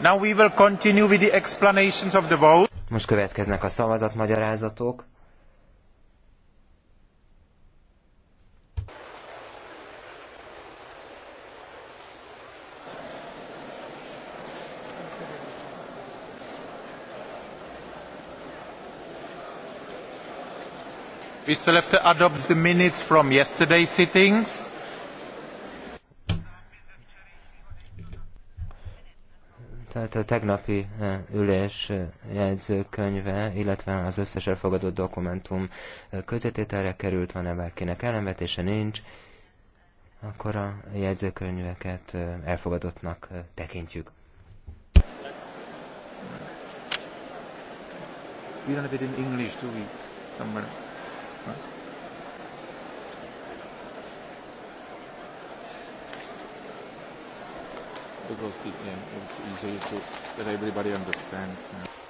Now we will continue with the explanations of the vote. Most következnek a szavazat We still have to adopt the minutes from yesterday's sittings. Tehát a tegnapi eh, ülés eh, jegyzőkönyve, illetve az összes elfogadott dokumentum eh, közétételre került, van-e bárkinek ellenvetése, nincs, akkor a jegyzőkönyveket elfogadottnak tekintjük. We don't have it in English, do we? Somewhere. Huh? because the, yeah, it's easier to, that everybody understands. Yeah.